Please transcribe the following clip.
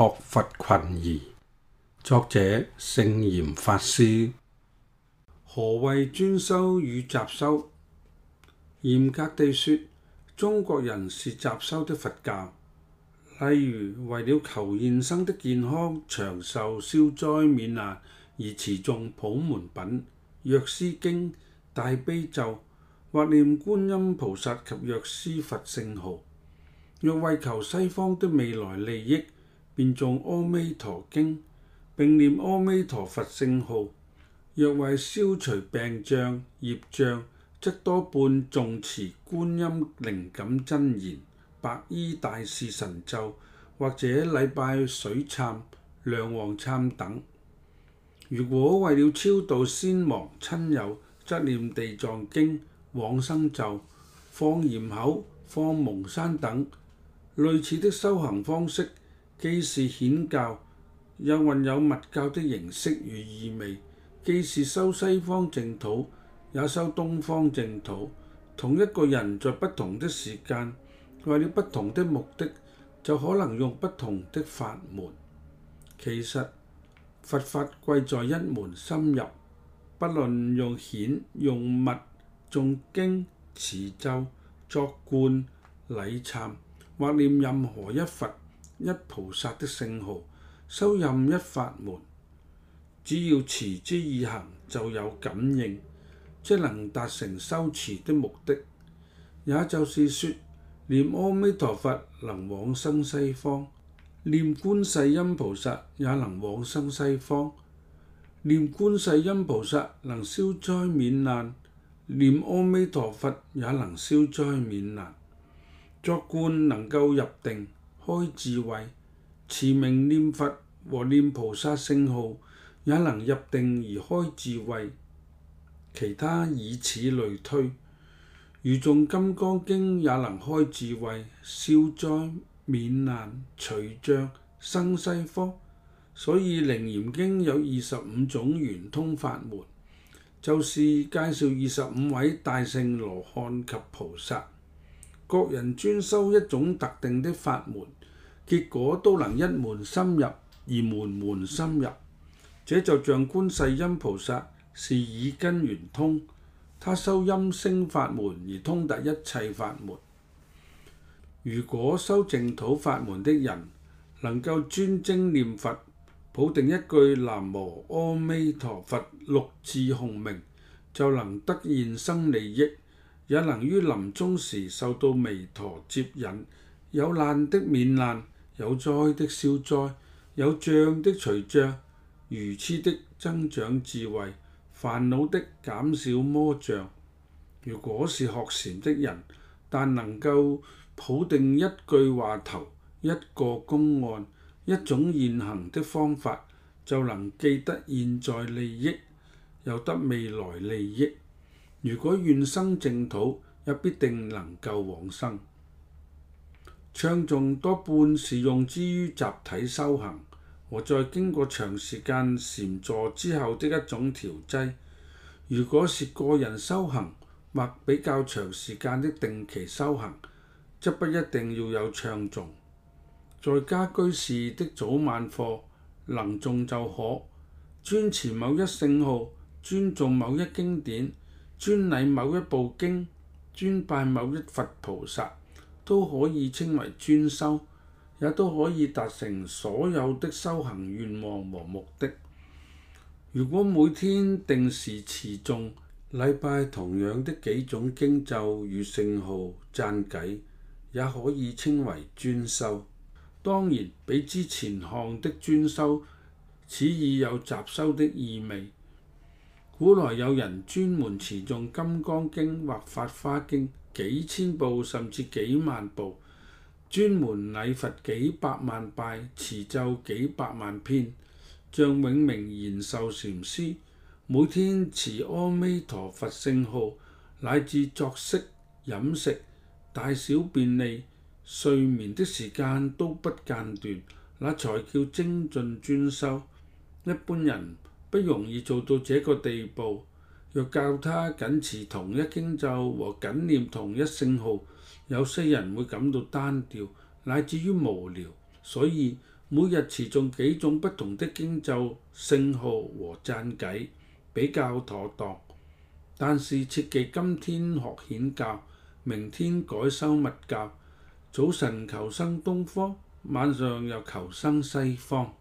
學佛群疑，作者聖嚴法師。何謂專修與雜修？嚴格地說，中國人是雜修的佛教。例如，為了求現生的健康、長壽、消災免難而持誦普門品、藥師經、大悲咒或念觀音菩薩及藥師佛聖號；若為求西方的未來利益，念誦《阿彌陀經》，並念阿彌陀佛聖號。若為消除病障、業障，則多半重持《觀音靈感真言》《白衣大士神咒》，或者禮拜水懺、梁皇懺等。如果為了超度先亡親友，則念《地藏經》《往生咒》《放焰口》《放蒙山》等類似的修行方式。既是顯教，又混有密教的形式與意味；既是修西方淨土，也修東方淨土。同一個人在不同的時間，為了不同的目的，就可能用不同的法門。其實佛法貴在一門深入，不論用顯用密、誦經持咒、作觀禮懺或念任何一佛。一菩薩的聖號，修任一法門，只要持之以恆，就有感應，即能達成修持的目的。也就是說，念阿彌陀佛能往生西方，念觀世音菩薩也能往生西方；念觀世音菩薩能消災免難，念阿彌陀佛也能消災免難。作觀能夠入定。開智慧，持名念佛和念菩薩聖號也能入定而開智慧，其他以此類推。如誦《金剛經》也能開智慧，消災免難、除障生西方。所以《楞嚴經》有二十五種圓通法門，就是介紹二十五位大聖羅漢及菩薩。各人專修一種特定的法門，結果都能一門深入而門門深入。這就像觀世音菩薩是耳根圓通，他修音聲法門而通達一切法門。如果修淨土法門的人能夠專精念佛，抱定一句南無阿彌陀佛六字洪名，就能得現生利益。也能於臨終時受到彌陀接引，有難的免難，有災的消災，有障的除障，愚痴的增長智慧，煩惱的減少魔障。如果是學禪的人，但能夠抱定一句話頭、一個公案、一種現行的方法，就能記得現在利益，又得未來利益。如果願生淨土，也必定能夠往生。唱誦多半是用之於集體修行，和在經過長時間禪坐之後的一種調劑。如果是個人修行或比較長時間的定期修行，則不一定要有唱誦。在家居士的早晚課，能誦就可專持某一聖號，專誦某一經典。專禮某一部經，專拜某一佛菩薩，都可以稱為專修，也都可以達成所有的修行願望和目的。如果每天定時持誦禮拜同樣的幾種經咒與聖號讚偈，也可以稱為專修。當然，比之前項的專修，此已有雜修的意味。古來有人專門持誦《金剛經》或《法花經》幾千部甚至幾萬部，專門禮佛幾百萬拜，持咒幾百萬遍。像永明延壽禪師，每天持阿彌陀佛聖號，乃至作息、飲食、大小便利、睡眠的時間都不間斷，那才叫精進專修。一般人不容易做到這個地步。若教他僅持同一經咒和僅念同一聖號，有些人會感到單調，乃至於無聊。所以每日持誦幾種不同的經咒、聖號和讚偈比較妥當。但是切忌，今天學顯教，明天改修密教；早晨求生東方，晚上又求生西方。